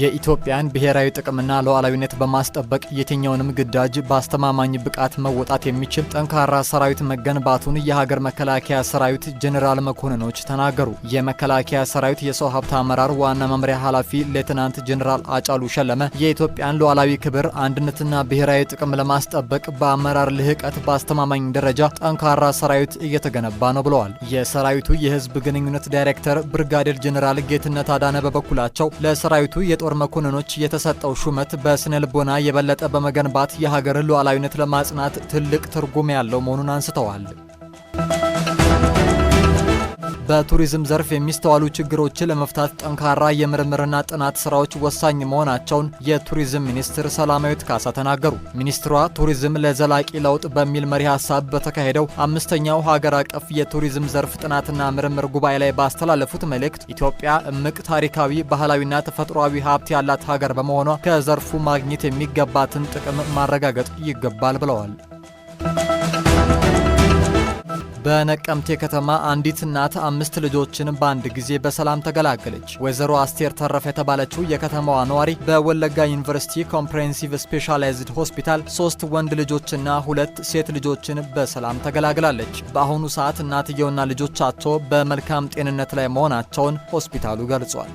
የኢትዮጵያን ብሔራዊ ጥቅምና ሉዓላዊነት በማስጠበቅ የትኛውንም ግዳጅ በአስተማማኝ ብቃት መወጣት የሚችል ጠንካራ ሰራዊት መገንባቱን የሀገር መከላከያ ሰራዊት ጀኔራል መኮንኖች ተናገሩ። የመከላከያ ሰራዊት የሰው ሀብት አመራር ዋና መምሪያ ኃላፊ ሌትናንት ጀኔራል አጫሉ ሸለመ የኢትዮጵያን ሉዓላዊ ክብር፣ አንድነትና ብሔራዊ ጥቅም ለማስጠበቅ በአመራር ልህቀት በአስተማማኝ ደረጃ ጠንካራ ሰራዊት እየተገነባ ነው ብለዋል። የሰራዊቱ የህዝብ ግንኙነት ዳይሬክተር ብርጋዴር ጀኔራል ጌትነት አዳነ በበኩላቸው ለሰራዊቱ የጦ የጦር መኮንኖች የተሰጠው ሹመት በስነ ልቦና የበለጠ በመገንባት የሀገርን ሉዓላዊነት ለማጽናት ትልቅ ትርጉም ያለው መሆኑን አንስተዋል። በቱሪዝም ዘርፍ የሚስተዋሉ ችግሮችን ለመፍታት ጠንካራ የምርምርና ጥናት ስራዎች ወሳኝ መሆናቸውን የቱሪዝም ሚኒስትር ሰላማዊት ካሳ ተናገሩ። ሚኒስትሯ ቱሪዝም ለዘላቂ ለውጥ በሚል መሪ ሀሳብ በተካሄደው አምስተኛው ሀገር አቀፍ የቱሪዝም ዘርፍ ጥናትና ምርምር ጉባኤ ላይ ባስተላለፉት መልእክት ኢትዮጵያ እምቅ ታሪካዊ፣ ባህላዊና ተፈጥሯዊ ሀብት ያላት ሀገር በመሆኗ ከዘርፉ ማግኘት የሚገባትን ጥቅም ማረጋገጥ ይገባል ብለዋል። በነቀምቴ ከተማ አንዲት እናት አምስት ልጆችን በአንድ ጊዜ በሰላም ተገላገለች። ወይዘሮ አስቴር ተረፈ የተባለችው የከተማዋ ነዋሪ በወለጋ ዩኒቨርሲቲ ኮምፕሬሄንሲቭ ስፔሻላይዝድ ሆስፒታል ሶስት ወንድ ልጆችና ሁለት ሴት ልጆችን በሰላም ተገላግላለች። በአሁኑ ሰዓት እናትየውና ልጆቻቸው በመልካም ጤንነት ላይ መሆናቸውን ሆስፒታሉ ገልጿል።